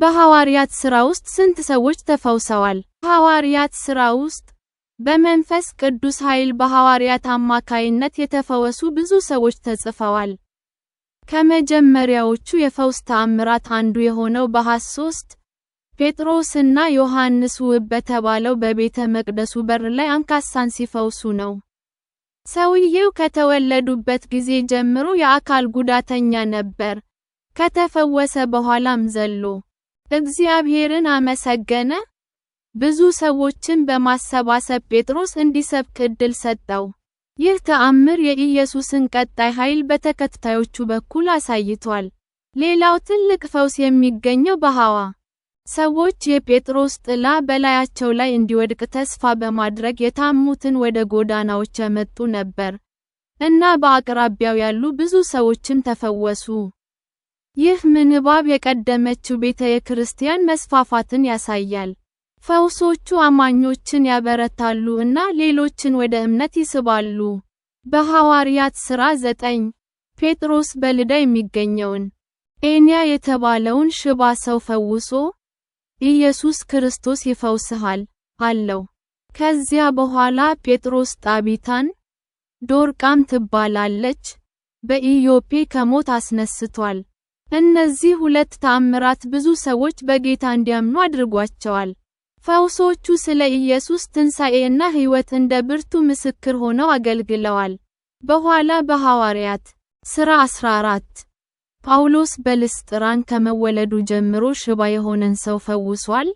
በሐዋርያት ሥራ ውስጥ ስንት ሰዎች ተፈውሰዋል? ሐዋርያት ሥራ ውስጥ በመንፈስ ቅዱስ ኃይል በሐዋርያት አማካይነት የተፈወሱ ብዙ ሰዎች ተጽፈዋል። ከመጀመሪያዎቹ የፈውስ ተአምራት አንዱ የሆነው በሐስ 3 ጴጥሮስና ዮሐንስ ውብ በተባለው በቤተ መቅደሱ በር ላይ አንካሳን ሲፈውሱ ነው። ሰውየው ከተወለዱበት ጊዜ ጀምሮ የአካል ጉዳተኛ ነበር። ከተፈወሰ በኋላም ዘሎ እግዚአብሔርን አመሰገነ። ብዙ ሰዎችን በማሰባሰብ ጴጥሮስ እንዲሰብክ ዕድል ሰጠው። ይህ ተአምር የኢየሱስን ቀጣይ ኃይል በተከታዮቹ በኩል አሳይቷል። ሌላው ትልቅ ፈውስ የሚገኘው በሐዋ ሰዎች የጴጥሮስ ጥላ በላያቸው ላይ እንዲወድቅ ተስፋ በማድረግ የታሙትን ወደ ጎዳናዎች ያመጡ ነበር እና በአቅራቢያው ያሉ ብዙ ሰዎችም ተፈወሱ። ይህ ምንባብ የቀደመችው ቤተ የክርስቲያን መስፋፋትን ያሳያል። ፈውሶቹ አማኞችን ያበረታሉ እና ሌሎችን ወደ እምነት ይስባሉ። በሐዋርያት ሥራ 9 ጴጥሮስ በልዳ የሚገኘውን ኤንያ የተባለውን ሽባ ሰው ፈውሶ፣ ኢየሱስ ክርስቶስ ይፈውስሃል አለው። ከዚያ በኋላ ጴጥሮስ ጣቢታን፣ ዶርቃም ትባላለች፣ በኢዮጴ ከሞት አስነስቷል። እነዚህ ሁለት ተአምራት ብዙ ሰዎች በጌታ እንዲያምኑ አድርጓቸዋል። ፈውሶቹ ስለ ኢየሱስ ትንሣኤና ሕይወት እንደ ብርቱ ምስክር ሆነው አገልግለዋል። በኋላ በሐዋርያት ሥራ 14 ጳውሎስ በልስጥራን ከመወለዱ ጀምሮ ሽባ የሆነን ሰው ፈውሷል።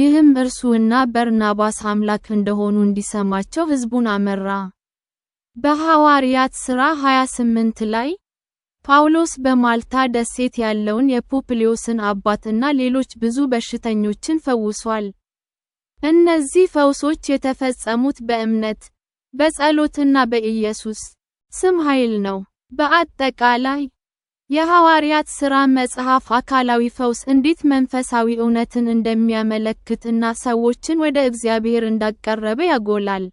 ይህም እርሱና በርናባስ አምላክ እንደሆኑ እንዲሰማቸው ሕዝቡን አመራ። በሐዋርያት ሥራ 28 ላይ ጳውሎስ በማልታ ደሴት ያለውን የፑፕልዮስን አባትና ሌሎች ብዙ በሽተኞችን ፈውሷል። እነዚህ ፈውሶች የተፈጸሙት በእምነት፣ በጸሎትና በኢየሱስ ስም ኃይል ነው። በአጠቃላይ፣ የሐዋርያት ሥራ መጽሐፍ አካላዊ ፈውስ እንዴት መንፈሳዊ እውነትን እንደሚያመለክትና ሰዎችን ወደ እግዚአብሔር እንዳቀረበ ያጎላል።